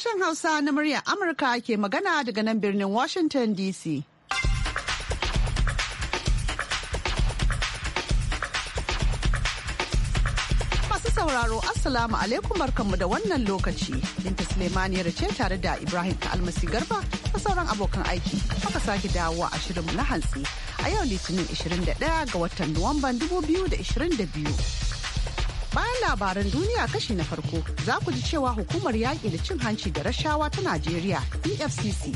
Sashen Hausa na muryar Amurka ke magana daga nan birnin Washington DC. Masu sauraro Assalamu alaikum barkanmu da wannan lokaci. Binta Suleimaniyar ce tare da Ibrahim Almasi Garba da sauran abokan aiki. Aka sake dawowa a shirin na hantsi a yau Litinin 21 ga watan Nuwamban 2022. Bayan labaran duniya kashi na farko za ku ji cewa hukumar yaƙi da cin hanci da rashawa ta Najeriya EFCC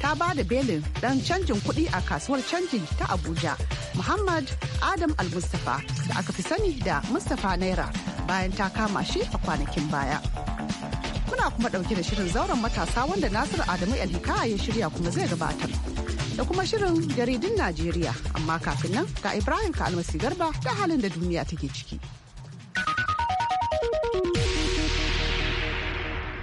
ta ba da belin ɗan canjin kuɗi a kasuwar canji ta Abuja Muhammad Adam Al-Mustapha da aka fi sani da Mustapha Naira bayan ta kama shi a kwanakin baya. Kuna kuma ɗauke da shirin zauren matasa wanda Nasir Adamu El ya shirya kuma zai gabatar. da kuma shirin jaridun Najeriya amma kafin nan ga Ibrahim ka almasi Garba da halin da duniya take ciki.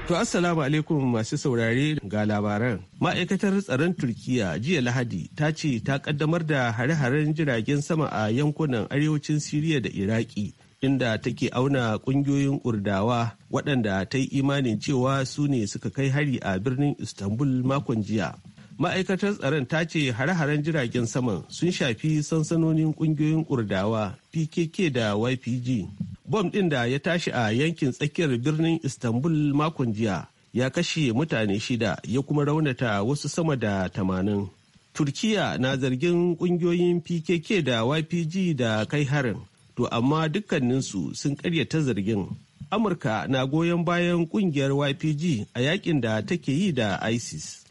To assalamu alaikum masu saurare ga labaran. Ma'aikatar tsaron Turkiya jiya Lahadi ta ce ta kaddamar da hare-haren jiragen sama a yankunan arewacin Siriya da Iraki inda take auna kungiyoyin ƙurdawa waɗanda ta yi imanin cewa su ne suka kai hari a birnin Istanbul makon jiya. Ma'aikatar tsaron ta ce hare-haren jiragen saman sun shafi sansanonin kungiyoyin Kurdawa PKK da YPG. bom ɗin da ya tashi a yankin tsakiyar birnin istanbul makon jiya ya kashe mutane shida ya kuma raunata wasu sama da tamanin turkiya na zargin ƙungiyoyin pkk da ypg da kai harin to amma dukkaninsu sun karyata zargin amurka na goyon bayan ƙungiyar ypg a yakin da take yi da isis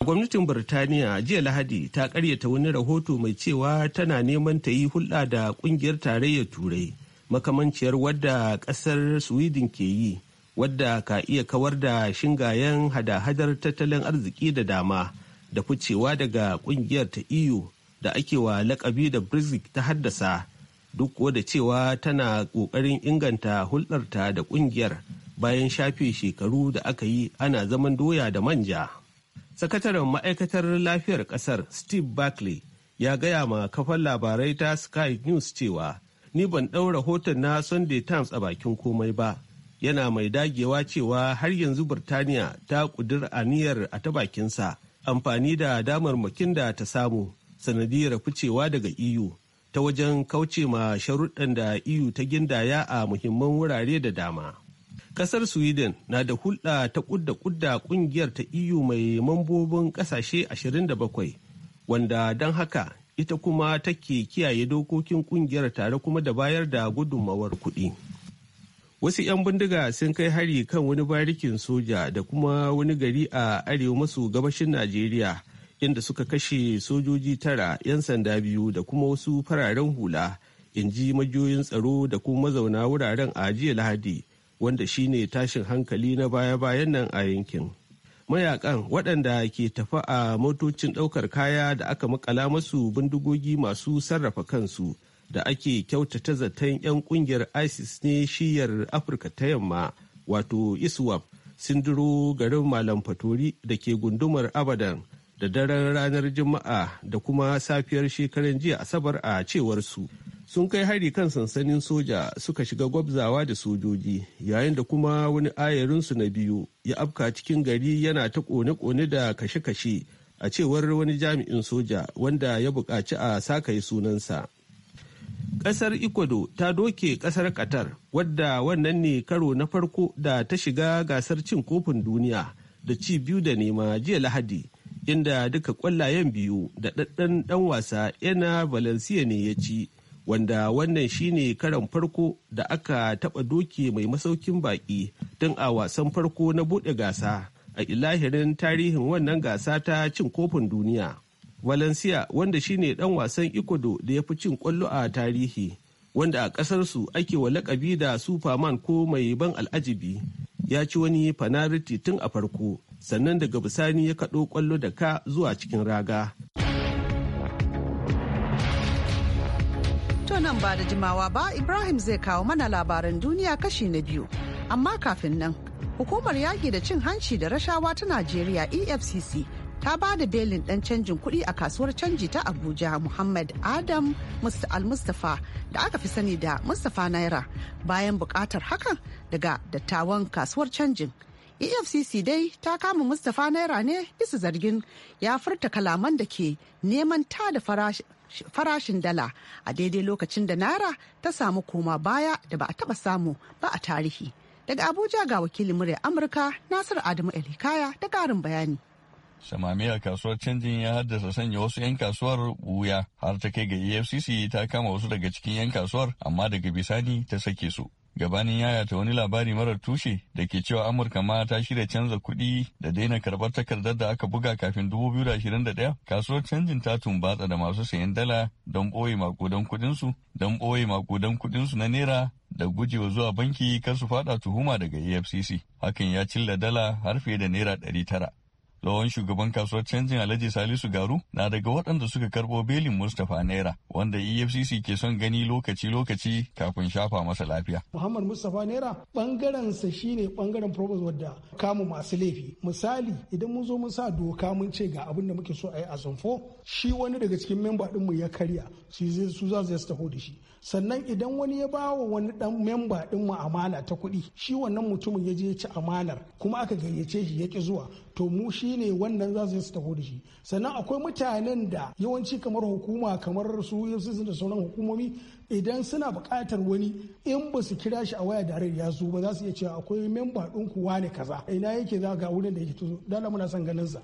gwamnatin birtaniya jiya lahadi ta karyata wani rahoto mai cewa tana neman ta yi hulɗa da ƙungiyar tarayyar turai makamanciyar wadda kasar sweden ke yi wadda ka iya kawar da shingayen hada-hadar tattalin arziki da dama da ficewa daga kungiyar ta eu da ake wa lakabi da brexit ta haddasa duk da cewa tana ƙoƙarin inganta hulɗarta da ƙungiyar bayan shafe shekaru da aka yi ana zaman doya da manja. Sakataren ma'aikatar lafiyar ƙasar Steve Barclay ya gaya ma kafan labarai ta Sky News cewa ni ban ɗau rahoton na sunday times a bakin komai ba yana mai dagewa cewa har yanzu birtaniya ta ƙudur aniyar a ta bakinsa amfani da damarmakin da ta samu sanadiyar ficewa daga eu ta wajen kauce ma sharuɗan da eu ta gindaya a muhimman wurare da dama kasar sweden na da hulɗa ta ƙudda-ƙudda ƙungiyar ta eu mai mambobin ƙasashe 27 wanda don haka ita kuma take kiyaye dokokin kungiyar tare kuma da bayar da gudunmawar kuɗi. Wasu 'yan bindiga sun kai hari kan wani barikin soja da kuma wani gari a arewa maso gabashin Najeriya inda suka kashe sojoji tara 'yan sanda biyu da kuma wasu fararen hula in ji majiyoyin tsaro da kuma mazauna wuraren a jiya lahadi wanda shine tashin hankali na baya-bayan nan a yankin. mayakan waɗanda ke tafa a motocin ɗaukar kaya da aka makala masu bindigogi masu sarrafa kansu da ake kyautata zaton 'yan ƙungiyar isis ne shiyar afirka ta yamma wato iswap sun duro garin malam fatori da ke gundumar abadan da daren ranar juma'a da kuma safiyar shekaran jiya asabar a cewar su sun kai hari kan sansanin soja suka shiga gwabzawa da sojoji yayin da kuma wani ayarinsu na biyu ya afka cikin gari yana ta kone-kone da kashe-kashe a cewar wani jami'in soja wanda ya buƙaci a yi sunansa. Ƙasar Ecuador ta doke ƙasar Qatar wadda wannan ne karo na farko da ta shiga gasar cin kofin duniya da ci biyu da nema jiya Lahadi inda duka ƙwallayen biyu da ɗaɗɗan ɗan wasa yana Valencia ne ya ci wanda wannan shine karan farko da aka taɓa doke mai masaukin baƙi tun a wasan farko na buɗe gasa a ilahirin tarihin wannan gasa ta cin kofin duniya. Valencia wanda shine ɗan wasan Ecuador da ya fi cin ƙwallo a tarihi wanda a ƙasarsu ake wa lakabi da Superman ko mai ban al'ajibi ya ci wani fanariti tun a farko sannan daga bisani ya kaɗo ƙwallo da ka zuwa cikin raga. nan ba da jimawa ba Ibrahim zai kawo mana labaran duniya kashi na biyu. Amma kafin nan, hukumar yaƙi da cin hanci da rashawa ta Najeriya EFCC ta ba da belin ɗan canjin kuɗi a kasuwar canji ta Abuja Muhammad Adam Al-Mustafa da aka fi sani da Mustafa Naira bayan buƙatar hakan daga dattawan kasuwar canjin. efcc dai ta kama mustapha naira ne bisa zargin ya furta kalaman da ke neman ta da farashi. farashin dala a daidai lokacin da naira ta samu koma baya da ba a taba samu ba a tarihi daga abuja ga wakilin murya amurka nasir adamu elhikaya da karin bayani samamiyar kasuwar canjin ya haddasa sanya wasu 'yan kasuwar wuya har ta kai ga efcc ta kama wasu daga cikin 'yan kasuwar amma daga bisani ta sake su gabanin ta wani labari marar tushe da ke cewa amurka ma ta shirya canza kuɗi da daina karɓar takardar da aka buga kafin dubu biyu da ɗaya kasuwar canjin ta tumbatsa da masu sayan dala don ɓoye makudan kuɗinsu don ɓoye makudan kuɗinsu na naira da gujewa zuwa banki kar su faɗa tuhuma daga afcc hakan ya cilla dala har fiye da naira tara. tsohon shugaban kasuwar canjin alhaji salisu garu na daga waɗanda suka karɓo belin mustapha naira wanda efcc ke son gani lokaci-lokaci kafin shafa masa lafiya muhammad mustapha naira ɓangaren sa shine ɓangaren probos wadda kamu masu laifi misali idan mun zo mun sa doka mun ce ga abin da muke so a yi a shi wani daga cikin memba ɗinmu ya karya su za su taho da shi sannan idan wani ya ba wa wani dan memba din mu amana ta kuɗi shi wannan mutumin ya je ya ci amanar kuma aka gayyace shi ya ki zuwa to mu shi ne wannan za su taho da shi sannan akwai mutanen da yawanci kamar hukuma kamar su yasisu da sauran hukumomi idan suna buƙatar wani in ba su kira shi a waya da ya zo ba za su iya cewa akwai memba ɗin ku ne kaza ina yake za ga wurin da yake tuzo dala muna son ganin sa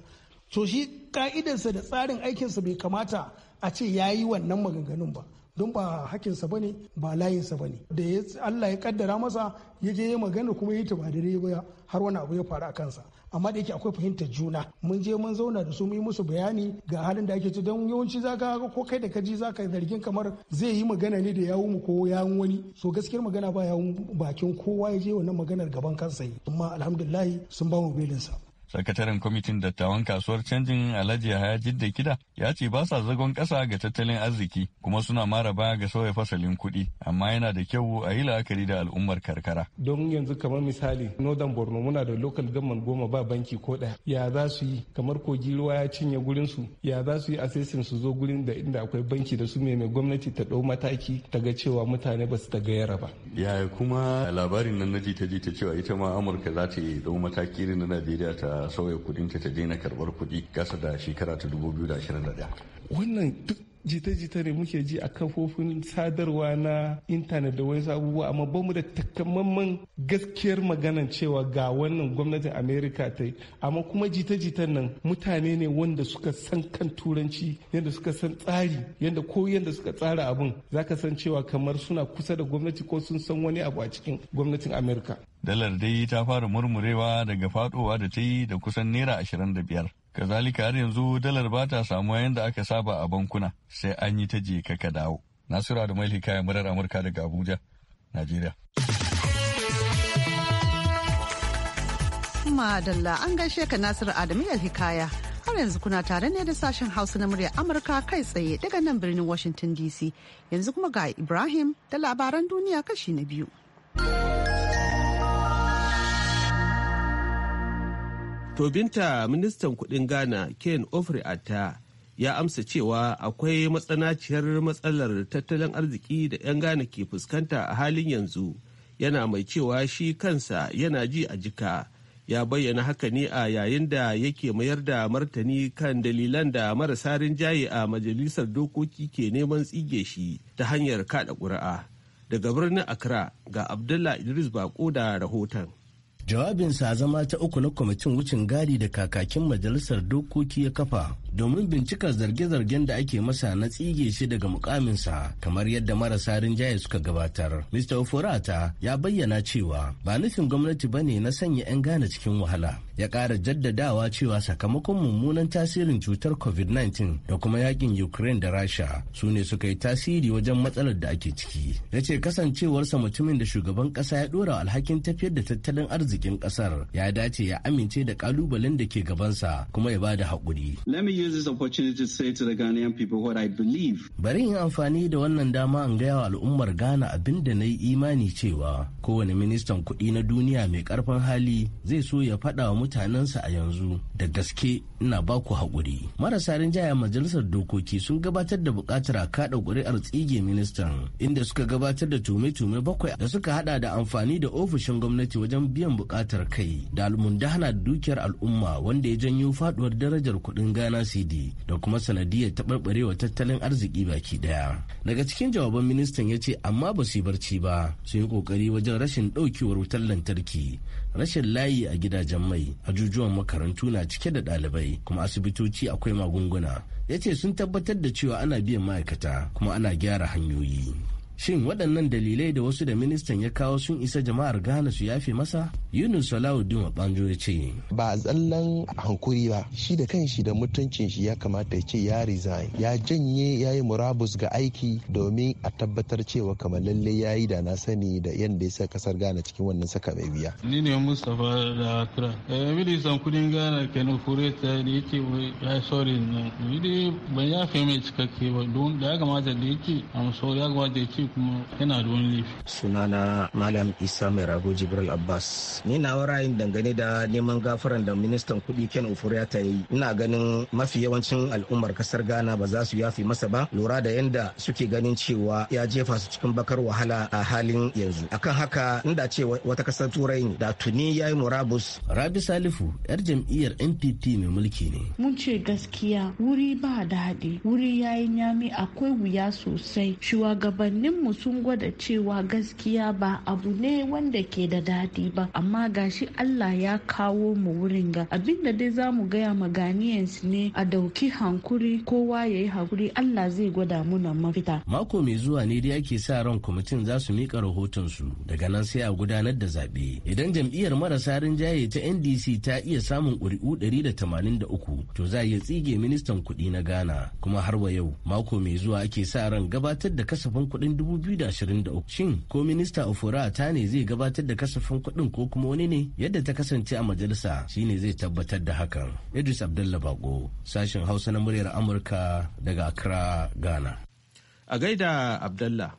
to shi ka'idarsa da tsarin aikinsa bai kamata a ce ya yi wannan maganganun ba don ba hakinsa bane ba layinsa ba ne da Allah ya kaddara masa ya je ya magana kuma ya yi ba da ba har wani abu ya faru a kansa amma da yake akwai fahimtar juna mun je mun zauna da su mu yi musu bayani ga halin da ake ci don yawanci za zaka ko kai da kaji zaka zargin kamar zai yi magana ne da yawun mu ko yawun wani so gaskiyar magana ba yawun bakin kowa ya je wannan maganar gaban kansa yi amma alhamdulillah sun ba mu belinsa sakataren kwamitin dattawan kasuwar canjin alhaji haya jidda kida ya ce ba sa zagon kasa ga tattalin arziki kuma suna mara baya ga sauya fasalin kuɗi amma yana da kyau a yi la'akari da al'ummar karkara don yanzu kamar misali northern borno muna da local government goma ba banki ko ɗaya ya za su yi kamar kogi ruwa ya cinye gurin su ya za su yi assessing su zo gurin da inda akwai banki da su mai gwamnati ta ɗau mataki ta ga cewa mutane ba su ta gayara ba yaya kuma labarin nan na jita ta cewa ita ma amurka za ta ɗau mataki irin na najeriya ta sauya kudinta ta daina karbar kudi kasa da shekara ta 2021 wannan duk jita-jita ne muke ji a kafofin sadarwa na intanet da wasu abubuwa amma ba mu da takamaiman gaskiyar maganan cewa ga wannan gwamnatin amerika ta yi amma kuma jita-jitan nan mutane ne wanda suka san kan turanci yadda suka san tsari yadda ko yadda suka tsara abin zaka san cewa kamar suna kusa da gwamnati ko sun san wani abu a cikin gwamnatin amerika dalar dai ta fara murmurewa daga fadowa da ta yi da kusan naira ashirin da biyar Kazalika har yanzu dalar ba ta samuwa yadda aka saba a bankuna sai an yi ta je ka dawo. Nasiru Adamu kayan murar Amurka daga Abuja, Najeriya. Madalla an gaishe ka Nasiru Adamu hikaya har yanzu kuna tare ne da sashen Hausa na murya Amurka kai tsaye daga nan birnin Washington DC. Yanzu kuma ga Ibrahim da labaran duniya kashi na biyu. tobinta ministan kudin Ghana Ken Ofri Atta ya amsa cewa akwai matsanaciyar matsalar tattalin arziki da 'yan Ghana ke fuskanta a halin yanzu yana mai cewa shi kansa yana ji a jika ya bayyana haka ne a yayin da yake mayar da martani kan dalilan da marasa rinjaye a majalisar dokoki ke neman tsige shi ta hanyar kada ƙuri'a daga birnin accra ga abdullah idris bako da rahoton jawabinsa zama ta uku na kwamitin wucin gadi da kakakin majalisar dokoki ya kafa domin bincikar zarge-zargen da ake masa na tsige shi daga mukaminsa kamar yadda marasa rinjaye suka gabatar. Mr. Ofurata ya bayyana cewa ba nufin gwamnati ba ne na sanya 'yan gane cikin wahala. ya ƙara jaddadawa cewa sakamakon mummunan tasirin cutar covid-19 da kuma yakin ukraine da rasha su ne suka yi tasiri wajen matsalar da ake ciki ya ce kasancewarsa mutumin da shugaban ƙasa ya ɗora alhakin tafiyar da tattalin arzikin ƙasar ya dace ya amince da ƙalubalen da ke gabansa kuma ya bada haƙuri bari in amfani da wannan dama in gaya wa al'ummar ghana abin da na yi imani cewa kowane ministan kuɗi na duniya mai ƙarfin hali zai so ya faɗa wa mutanensa a yanzu da gaske ina baku haƙuri marasa rinjaya majalisar dokoki sun gabatar da buƙatar a kaɗa ƙuri'ar tsige ministan inda suka gabatar da tume-tume bakwai da suka hada da amfani da ofishin gwamnati wajen biyan buƙatar kai da almundahana da dukiyar al'umma wanda ya janyo faduwar darajar kuɗin ghana cd da kuma sanadiyar taɓarɓarewa tattalin arziki baki ɗaya daga cikin jawaban ministan ya ce amma ba su yi barci ba sun yi ƙoƙari wajen rashin ɗaukewar wutar lantarki rashin layi a gidajen mai ajujuwan makarantu na cike da ɗalibai kuma asibitoci akwai magunguna yace sun tabbatar da cewa ana biyan ma'aikata kuma ana gyara hanyoyi Shin waɗannan dalilai da wasu da ministan ya kawo sun isa jama'ar gana su yafe masa? Yunus Salahuddin Obanjo ya ce. Ba tsallan hankuri ba, shi da kan shi da mutuncin shi ya kamata ya ce ya resign, ya janye ya yi murabus ga aiki domin a tabbatar cewa kamar lalle ya yi da na sani da yadda ya sa kasar gana cikin wannan saka mai biya. Ni ne Mustapha da Akra. Eh, ministan kudin Ghana Kenu Fureta da ce ya sori nan. Ni dai ban yafe mai cikakke ba don da ya kamata da sori ya kamata da ce. kuma yana da wani laifi. sunana malam isa mai rago jibril abbas ni na warayin dangane da neman gafaran da ministan kuɗi ken ufuriya ta yi ina ganin mafi yawancin al'ummar kasar ghana ba za su yafi masa ba lura da yanda suke ganin cewa ya jefa su cikin bakar wahala a halin yanzu akan haka inda ce wata kasar turai ne da tuni ya yi murabus rabi salifu yar jam'iyyar npp mai mulki ne mun ce gaskiya wuri ba daɗi wuri ya yi nyami akwai wuya sosai shugabannin mu sun gwada cewa gaskiya ba abu ne wanda ke da daɗi ba amma gashi allah ya kawo mu wurin ga abinda dai za gaya ma ne a dauki hankuri kowa ya yi hankuri allah zai gwada muna mafita mako mai zuwa ne dai ake sa ran kwamitin za su mika rahotonsu daga nan sai a gudanar da zaɓe idan jam'iyyar marasa rinjaye ta ndc ta iya samun ƙuri'u 183 to za iya tsige ministan kuɗi na ghana kuma har wa yau mako mai zuwa ake sa ran gabatar da kasafin kuɗin 2023 shin ko minista ofora ta ne zai gabatar da kasafin kuɗin ko kuma wani ne yadda ta kasance a majalisa shine zai tabbatar da hakan idris abdullahi bako sashen hausa na muryar amurka daga accra ghana a gaida abdullah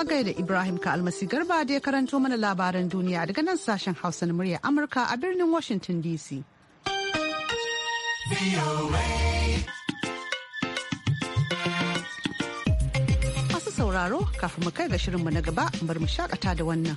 a gaida Ibrahim ka almasi garba da ya karanto mana labaran duniya daga nan sashen Hausa na murya Amurka a birnin Washington DC. sauraro kafin mu kai ga shirinmu na gaba bar mu shakata da wannan.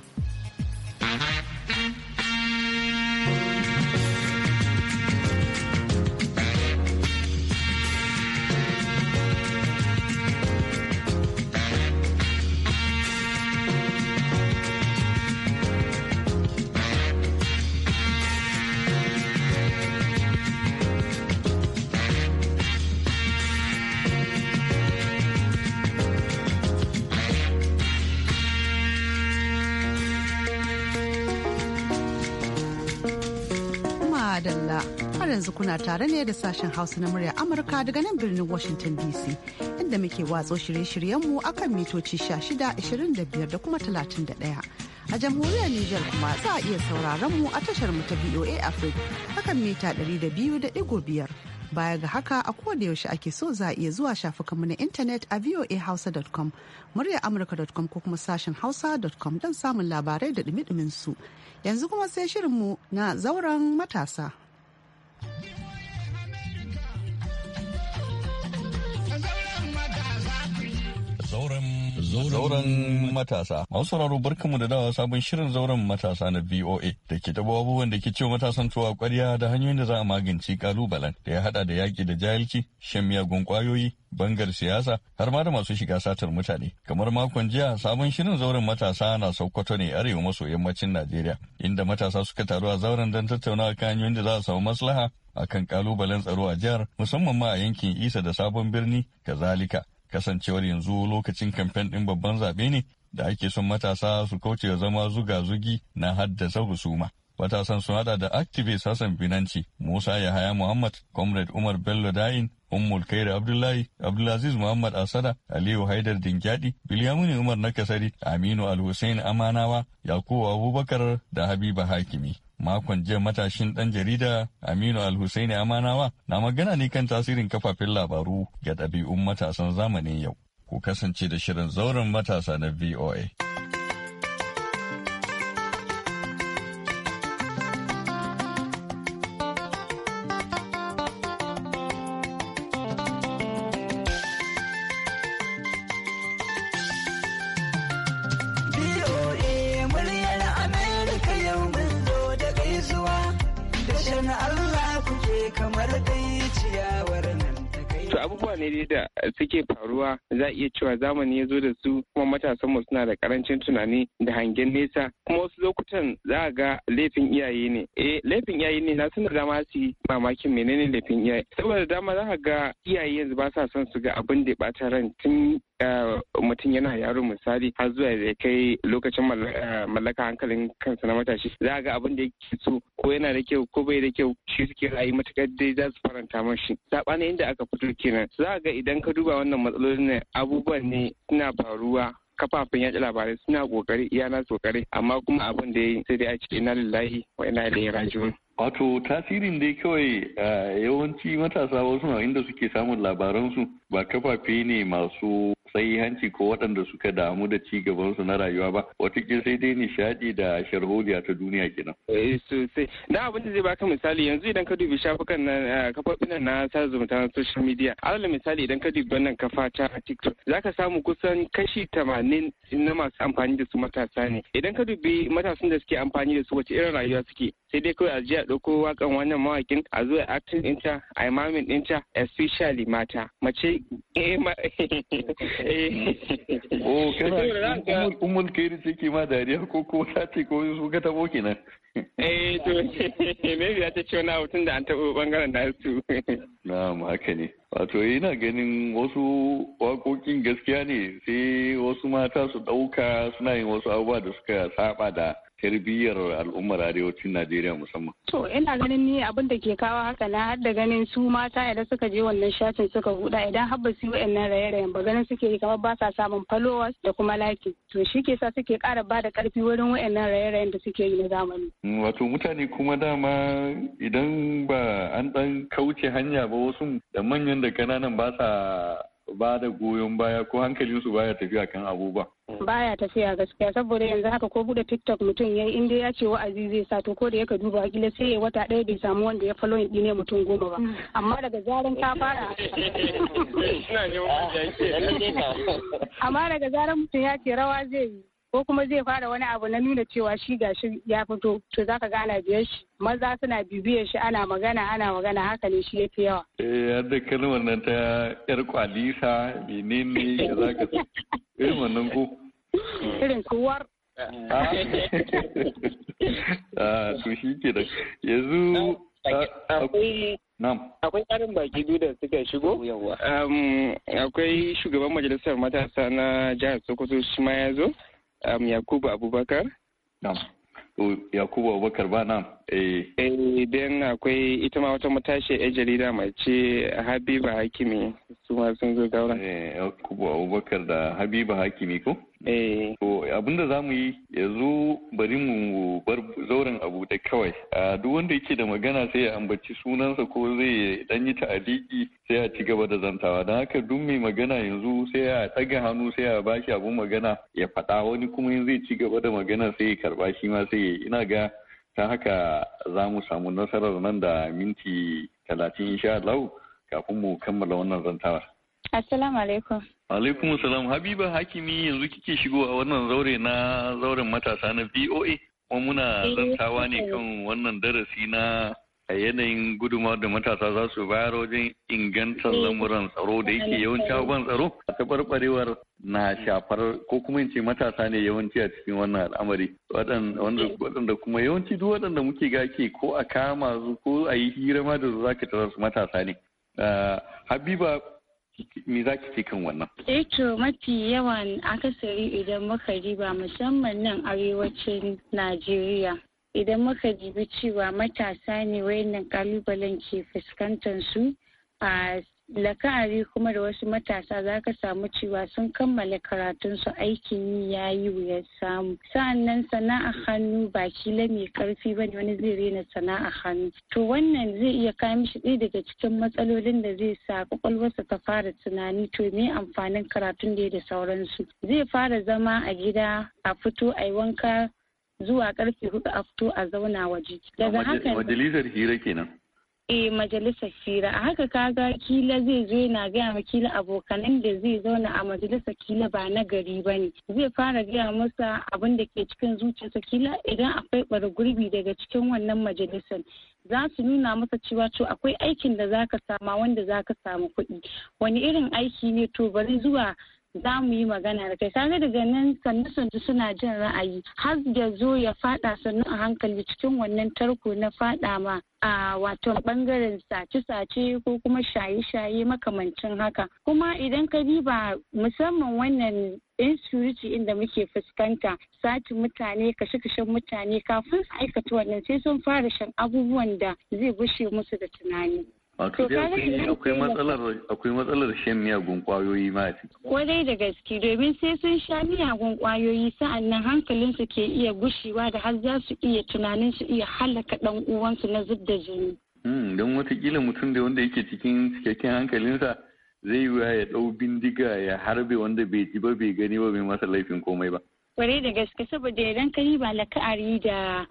yanzu kuna tare ne da sashen Hausa na murya Amurka daga nan birnin Washington DC inda muke watsa shirye-shiryenmu akan mitoci 16, da kuma 31. a jamhuriyar Nijar kuma za a iya sauraron mu a tashar mu ta VOA Africa akan mita 200.5 baya ga haka a koda yaushe ake so za a iya zuwa shafukan mu na intanet a voahausa.com muryar amurka.com ko kuma sashen hausa.com don samun labarai da dumi su yanzu kuma sai shirin mu na zauren matasa Zauren matasa. Masu sauraro barkanmu da dawa sabon shirin zauren matasa na VOA da ke tabo abubuwan da ke ce matasan tuwa kwarya da hanyoyin da za a magance kalubalen da ya haɗa da yaƙi da jahilci, shan miyagun kwayoyi, bangar siyasa har ma da masu shiga satar mutane. Kamar makon jiya sabon shirin zauren matasa na Sokoto ne arewa maso yammacin Najeriya inda matasa suka taru a zauren don tattaunawa kan hanyoyin da za a samu maslaha akan kalubalen tsaro a jihar musamman ma a yankin isa da sabon birni kazalika kasancewar yanzu lokacin kamfen ɗin babban zaɓe ne da ake son matasa su kauce zama zuga-zugi na haddasa husuma. Matasan sun hada da Activate Hassan Binanci, Musa Yahaya Muhammad, Comrade Umar Bello Dayin, Ummul Kaira Abdullahi, Abdulaziz Muhammad Asada, Aliyu Haidar Dingyadi, Bilyamuni Umar Nakasari, Aminu Al-Hussein Amanawa, Yakubu Abubakar da Habiba Hakimi. Makon jiya matashin ɗan jarida Aminu al Al-Hussein Amanawa na magana ne kan tasirin kafafen labaru ga ɗabi'un matasan zamanin yau. Ku kasance da shirin zauren matasa na VOA. abubuwa ne da suke faruwa za a iya cewa zamani ya zo da su kuma matasan mu suna da karancin tunani da hangen nesa kuma wasu lokutan za a ga laifin iyaye ne eh laifin iyaye ne na suna dama su yi mamakin menene laifin iyaye saboda dama za a ga iyaye yanzu ba sa son su ga abin da ya ɓata ran tun mutum yana yaro misali har zuwa ya kai lokacin eh, mallaka hankalin kansa na matashi za ga abin da yake so ko yana da kyau ko bai da kyau shi suke rayu matakar dai za su faranta mashi sabanin inda aka fito kenan za ga idan ka duba wannan matsalolin ne abubuwan ne suna faruwa kafafen yaɗa labarai suna kokari iya na kokari amma kuma abin da ya sai dai a ce ina lillahi wa ina ilaihi raji'un Wato tasirin dai kawai eh, yawanci matasa wasu na inda suke samun labaransu ba kafafe ne masu Sai hanci ko waɗanda suka damu da ci gabansu na rayuwa ba watakila sai dai nishaɗi da sharholiya ta duniya kenan. Eh, sosai da abin da zai baka misali yanzu idan ka dubi shafukan na eh, kafofin na sada zumunta na social media alal misali idan ka dubi wannan kafa ta tiktok zaka samu kusan kashi tamanin na masu amfani da su matasa ne idan ka dubi matasan da suke amfani da su wace irin rayuwa suke sai dai kawai a ɗauko wakan wannan mawakin a zo a acting ɗinta a imamin ɗinta especially mata mace eh ma eh. oh kana um, um, umul kairi take ma dariya ko ko ta ce ko su ka tabo kenan eh to maybe ta ce wani abu da an taɓa bangaren da su na'am haka ne wato yana eh, ganin wasu waƙoƙin gaskiya ne sai wasu mata su ɗauka suna yin wasu abubuwa da suka saba da tarbiyyar al'ummar arewacin Najeriya musamman? To ina ganin ni abin da ke kawo haka na har da ganin su mata idan suka je wannan shacin suka buɗa idan har ba su yi wa'annan raye-rayen ba ganin suke yi kamar ba sa samun followers da kuma laki. To shi ke sa suke ƙara ba da ƙarfi wurin wa'annan raye-rayen da suke yi na zamani. Mm, wato mutane kuma dama idan ba an ɗan kauce hanya ba wasu da manyan da kananan ba sa ba da goyon baya ko hankalinsu baya tafiya kan abubuwa. Baya tafiya gaskiya saboda yanzu haka ko bude TikTok mutum ya inda ya ce wa'azi zai sa to ko da yaka duba kila sai ya wata ɗaya bai samu wanda ya falo ne mutum goma ba amma daga zaran ka fara amma daga zaran mutum ya ce rawa zai yi ko kuma zai fara wani abu na nuna cewa shi gashi ya fito to zaka gana biyar shi maza suna bibiyar shi ana magana ana magana haka ne shi yake yawa eh har da kalmar nan ta yar kwalisa menene ya zaka irin wannan ko irin kuwar a ah. ah, to shi ke da yanzu ah, Akwai ƙarin baki biyu da suka shigo. Akwai shugaban majalisar matasa na jihar Sokoto shi ma ya zo. um, Yakubu Abubakar. Yakubu Abubakar ba nan. Eh. Eh akwai ita ma wata matashi a jarida mace Habiba Hakimi su ma sun zo daura. Eh Yakubu Abubakar da Habiba Hakimi ko? Eh, abin da za mu yi ya zo bari mu bar zauren abu da kawai. A duk wanda yake da magana sai ya ambaci sunansa ko zai dan yi ta'aliki sai ya ci gaba da zantawa. Don haka duk mai magana yanzu sai ya ɗaga hannu sai ba shi abun magana ya faɗa wani kuma yanzu zai ci gaba da magana sai ya karba shi ma sai ya ina ga ta haka za mu samu nasarar nan da minti talatin insha Allah kafin mu kammala wannan zantawar. Assalamu alaikum. Alaikum salam Habiba Hakimi yanzu kike shigo a wannan zaure na zauren matasa na VOA kuma muna eh, zantawa ne kan wannan darasi na a yanayin guduma da matasa za su bayar wajen ingantar eh, lamuran tsaro da yake yawanci abubuwan tsaro a tabarbarewar na shafar ko kuma in ce matasa ne yawanci a cikin wannan al'amari eh. waɗanda kuma yawanci duk waɗanda muke gake ko a kama su ko a yi hira ma da za ka tarar su matasa ne ah, habiba me za ki ce kan wannan? Eh to mafi yawan akasari idan muka riba musamman nan arewacin Najeriya. Idan muka jibi cewa matasa ne wayannan kalubalen ke fuskantar su a Lakari kuma da wasu matasa za ka samu cewa sun kammala karatunsu aikin yi ya yi wuyar samu. Sa'annan sana'a hannu ba kila mai karfi ba ne wani zai rena sana'a hannu. To wannan zai iya kayan shi ɗaya daga cikin matsalolin da zai sa kwakwalwarsa ta fara tunani to me amfanin karatun da ya da sauransu. Zai fara zama a gida a fito a yi wanka zuwa karfe hudu a fito a zauna waje. Daga hakan. Majalisar hira kenan. e majalisar shira a haka kaga kila zai zo yana gaya ma kila abokanan da zai zauna a majalisar kila ba na gari ba ne zai fara gaya masa abin da ke cikin zuciyarsa kila idan akwai bar gurbi daga cikin wannan majalisar za su nuna masa cewa to akwai aikin da zaka sama wanda zaka samu kuɗi wani irin aiki ne to bari zuwa za mu yi magana da kai kaga daga nan sannu sannu suna jin ra'ayi har ya zo ya fada sannu a hankali cikin wannan tarko na fada ma a wato bangaren sace-sace ko kuma shaye-shaye makamancin haka kuma idan ka diba musamman wannan insecurity inda muke fuskanta sace mutane kashe-kashen mutane kafin su aikata wannan sai sun fara shan abubuwan da zai bushe musu da tunani Wato dai akwai matsalar akwai shan miyagun kwayoyi ma Kwarai da gaske domin sai sun sha miyagun kwayoyi sa'an nan hankalinsu ke iya gushewa da har za su iya tunanin su iya halaka dan uwansu na zub da jini. Hmm, don watakila mutum da wanda yake cikin cikakken hankalinsa zai yi ya dau bindiga ya harbe wanda bai ji ba bai gani ba bai masa laifin komai ba. kwarai da gaske saboda idan ka yi ba la'akari da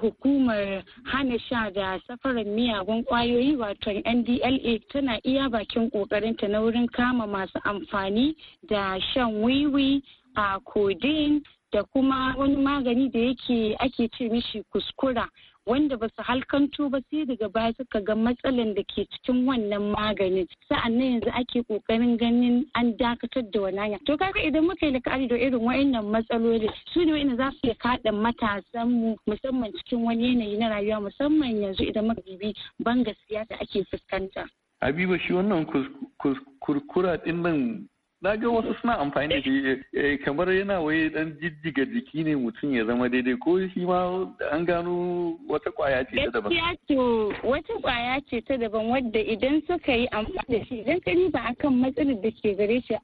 hukumar hana sha da safarar miyagun kwayoyi wato ndla tana iya bakin kokarinta na wurin kama masu amfani da shan wiwi a codeine da kuma wani magani da yake ake ce mishi kuskura wanda ba su halkanto ba sai daga baya suka ga matsalan da ke cikin wannan maganin sa'annan yanzu ake kokarin ganin an dakatar da wani hanya to kaga idan muka yi la'akari da irin wa'annan matsaloli su ne wa'annan za su kaɗa matasan mu musamman cikin wani yanayi na rayuwa musamman yanzu idan muka bibi gaskiya da ake fuskanta habiba shi wannan kurkura din nan na ga wasu suna amfani da shi eh, eh, kamar yana waye dan jijjiga jiki ne mutum ya zama daidai ko shi ma an gano wata kwaya ce ta daban wata kwaya ce ta daban wadda idan suka yi amfani da shi idan kani ba akan matsalar da ke gare shi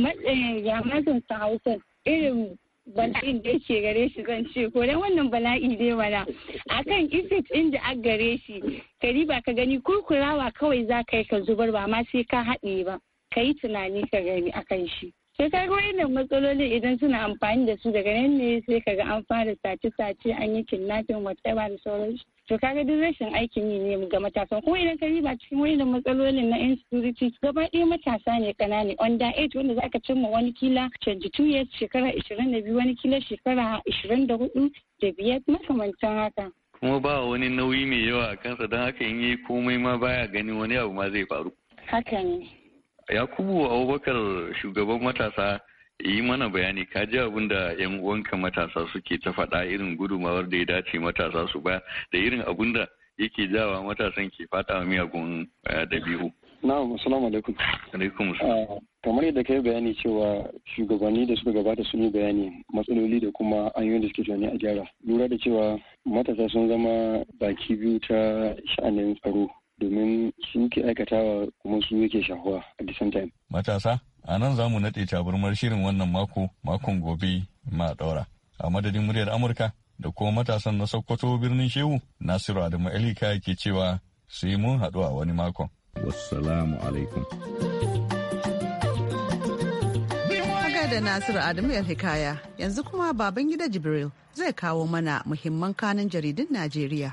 matsayin eh, ya mazan sa hausa irin bala'in da ke gare shi zan ce ko dan wannan bala'i dai mana akan ifit din da aka gare shi ka ba ka gani kurkurawa kawai za ka yi ka zubar ba ma sai ka haɗe ba ka yi tunani ka gani akan shi sai ka ga matsaloli idan suna amfani da su daga nan ne sai ka ga an fara sace-sace an yi kidnapping whatever da sauransu to ga duk rashin aikin yi ne ga matasan kuma idan ka riba cikin da matsalolin na insecurity gaba ɗaya matasa ne ƙanane under age wanda za ka cimma wani kila 22 years shekara 22 wani kila shekara 24 da biyar makamantan haka kuma ba wani nauyi mai yawa a kansa don haka in yi komai ma baya gani wani abu ma zai faru haka ne Yakubu Abubakar shugaban matasa yi mana bayani ka ji abin da 'yan uwanka matasa suke ta faɗa irin gudumawar da ya dace matasa su ba da irin abin da yake jawa matasan ke fata miyagun dabi'u. Eh, Na'am, assalamu alaikum. Alaikum ah, Kamar yadda kai bayani cewa shugabanni da suka gabata sun yi bayani matsaloli da kuma hanyoyin da suke tunani a gyara. Lura da cewa matasa sun zama baki biyu ta sha'anin tsaro domin su ke aikatawa kuma su yake shahuwa a the time. Matasa, a nan za mu naɗe tabarmar shirin wannan mako makon gobe ma ɗaura. A madadin muryar Amurka da kuma matasan na Sokoto birnin Shehu, Nasiru Adamu Elika ke cewa sai mun haɗu a wani makon. Wassalamu alaikum. da Nasiru Adamu ya hikaya yanzu kuma baban gida Jibril zai kawo mana muhimman kanun jaridun Najeriya.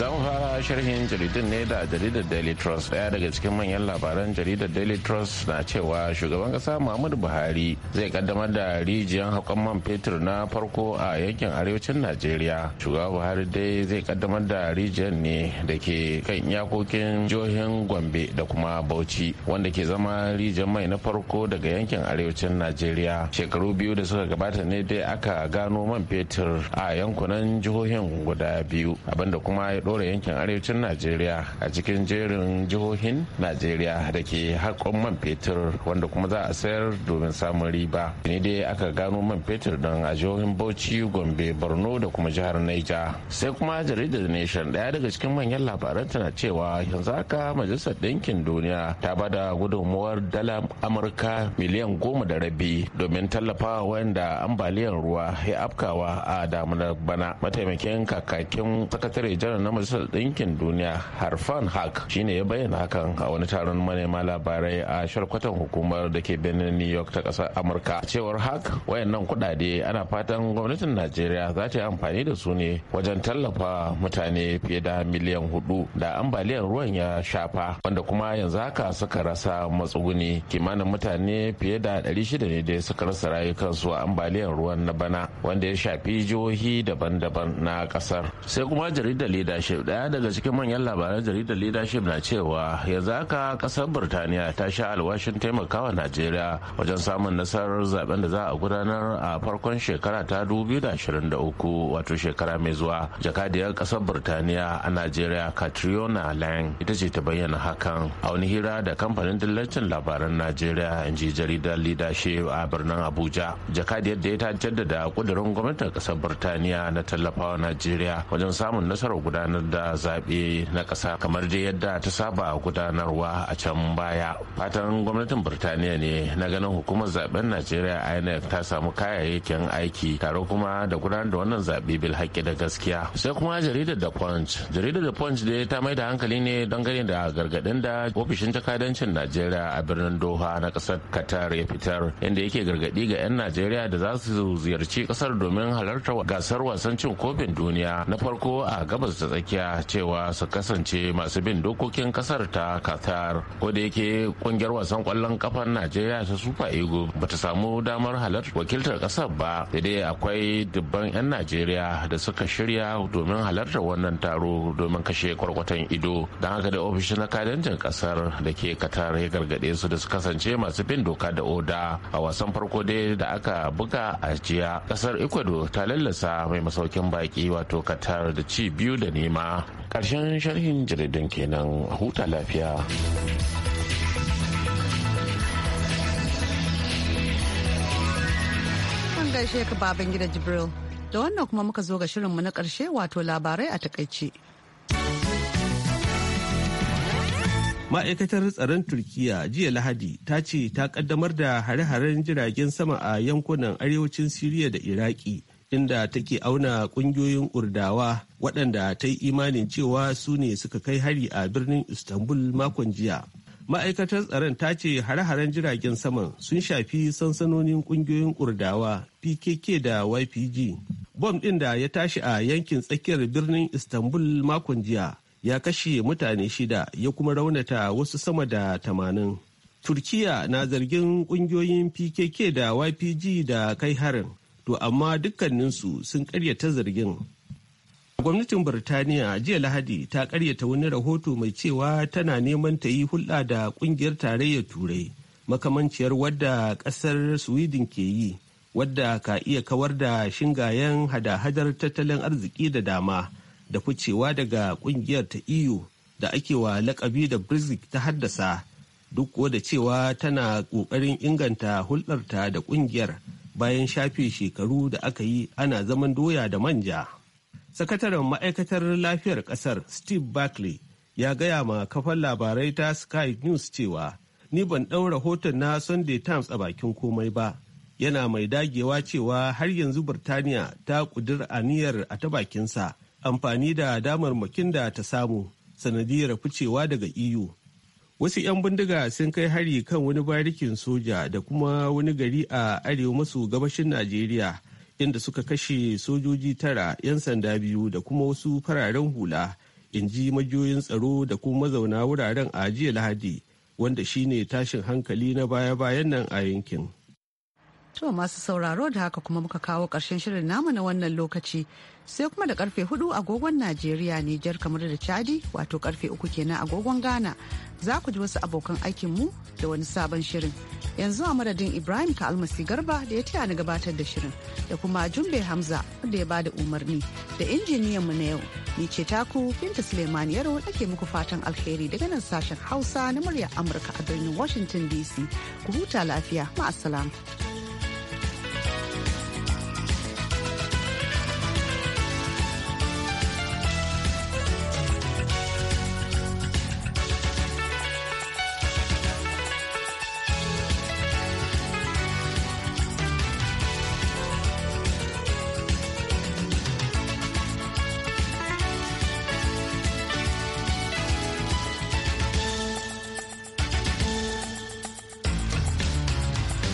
za mu fara sharhin jaridun ne da jaridar daily trust daya daga cikin manyan labaran jaridar daily trust na cewa shugaban kasa muhammadu buhari zai kaddamar da rijiyar haƙon man fetur na farko a yankin arewacin najeriya shugaban buhari dai zai kaddamar da rijiyar ne da ke kan iyakokin jihohin gombe da kuma bauchi wanda ke zama rijiyar mai na farko daga yankin arewacin najeriya shekaru biyu da suka gabata ne dai aka gano man fetur a yankunan jihohin guda biyu abinda kuma ya ɗora yankin arewacin najeriya a cikin jerin jihohin najeriya da ke haƙon man fetur wanda kuma za a sayar domin samun riba ne dai aka gano man fetur don a jihohin bauchi gombe borno da kuma jihar naija sai kuma jaridar nation daya daga cikin manyan labaran tana cewa yanzu haka majalisar ɗinkin duniya ta bada gudummawar dala amurka miliyan goma da rabi domin tallafawa wanda ambaliyar ruwa ya afkawa a damunar bana mataimakin kakakin sakatare janar na majalisar ɗinkin duniya harfan hak shine ya bayyana hakan a wani taron manema labarai a sharkwatan hukumar da ke birnin new york ta ƙasar amurka cewar hak wayannan kuɗaɗe ana fatan gwamnatin najeriya za ta yi amfani da su ne wajen tallafa mutane fiye da miliyan hudu da ambaliyar ruwan ya shafa wanda kuma yanzu haka suka rasa matsuguni kimanin mutane fiye da shida ne dai suka rasa rayukansu a ambaliyar ruwan na bana wanda ya shafi jihohi daban-daban na kasar sai kuma jaridar leda leadership daya daga cikin manyan labaran jaridar leadership na cewa yanzu haka kasar birtaniya ta sha alwashin taimakawa najeriya wajen samun nasarar zaben da za a gudanar a farkon shekara ta 2023 wato shekara mai zuwa jakadiyar kasar birtaniya a najeriya katriona lang ita ce ta bayyana hakan a wani hira da kamfanin dillacin labaran najeriya in ji jaridar leadership a birnin abuja jakadiyar da ya ta jaddada kudurin gwamnatin kasar birtaniya na tallafawa najeriya wajen samun nasarar gudanar gudanar da zaɓe na ƙasa kamar dai yadda ta saba gudanarwa a can baya fatan gwamnatin birtaniya ne na ganin hukumar zaɓen najeriya inec ta samu kayayyakin aiki tare kuma da gudanar da wannan zaɓe bil haƙƙi da gaskiya sai kuma jaridar da punch jaridar da punch dai ta mai da hankali ne don dangane da gargaɗin da ofishin jakadancin najeriya a birnin doha na ƙasar qatar ya fitar inda yake gargaɗi ga 'yan najeriya da za su ziyarci ƙasar domin halartar gasar wasan cin kofin duniya na farko a gabas da tsakiya cewa su kasance masu bin dokokin kasar ta qatar ko da yake kungiyar wasan kwallon kafan najeriya ta super eagles ta samu damar halartar wakiltar kasar ba da dai akwai dubban 'yan najeriya da suka shirya domin halartar wannan taro domin kashe kwarkwatan ido don haka da ofishin na kadancin kasar da ke qatar ya gargade su da su kasance masu bin doka da oda a wasan farko dai da aka buga a jiya kasar ecuador ta lallasa mai masaukin baki wato qatar da ci biyu da nema ma ƙarshen sharhin jaridun kenan huta lafiya an gaishe ka baban gida jibril da wannan kuma muka zo ga shirinmu na ƙarshe wato labarai a takaice ma'aikatar tsaron turkiya jiya lahadi ta ce ta kaddamar da hare-haren jiragen sama a yankunan arewacin siriya da iraki inda take auna kungiyoyin urdawa waɗanda ta yi imanin cewa su ne suka kai hari a birnin istanbul makon jiya ma'aikatar tsaron ta ce hare-haren jiragen saman sun shafi sansanonin kungiyoyin ƙurdawa pkk da ypg bom ɗin da ya tashi a yankin tsakiyar birnin istanbul makon jiya ya kashe mutane shida ya kuma raunata wasu sama da tamanin turkiya na zargin kungiyoyin pkk da ypg da kai harin to amma dukkaninsu sun karyata zargin. Gwamnatin Birtaniya jiya Lahadi ta karyata wani rahoto mai cewa tana neman ta yi hulɗa da ƙungiyar tarayyar Turai makamanciyar wadda ƙasar Sweden ke yi wadda ka iya kawar da shingayen hada-hadar tattalin arziki da dama da ficewa daga ƙungiyar ta EU da ake wa lakabi da Brexit ta haddasa duk da cewa tana ƙoƙarin inganta hulɗarta da ƙungiyar. bayan shafe shekaru da aka yi ana zaman doya da manja. Sakataren ma'aikatar lafiyar ƙasar Steve Barkley, ya gaya ma kafan labarai ta Sky News cewa ni ban ɗau rahoton na Sunday Times a bakin komai ba. Yana mai dagewa cewa har yanzu Birtaniya ta ƙudir aniyar a ta bakinsa amfani da damarmakin da ta samu sanadiyar ficewa daga EU wasu 'yan bindiga sun kai hari kan wani barikin soja da kuma wani gari a arewa maso gabashin najeriya inda suka kashe sojoji tara 'yan sanda biyu da kuma wasu fararen hula in ji majiyoyin tsaro da kuma mazauna wuraren a jiya lahadi wanda shine tashin hankali na baya-bayan nan a yankin. To masu sauraro da haka kuma muka kawo ƙarshen shirin namu na wannan lokaci sai kuma da karfe 4 agogon Najeriya Nijar kamar da Chadi wato karfe 3 kenan agogon Ghana za ku ji wasu abokan aikin mu da wani sabon shirin. Yanzu a madadin Ibrahim ka almasi garba da ya taya ni gabatar da shirin da kuma Jumbe Hamza wanda ya bada umarni da injiniyan mu na yau. Ni ce taku Binta Suleiman Yaro ake muku fatan alheri daga nan sashen Hausa na murya Amurka a birnin Washington DC. Ku huta lafiya ma'assalam.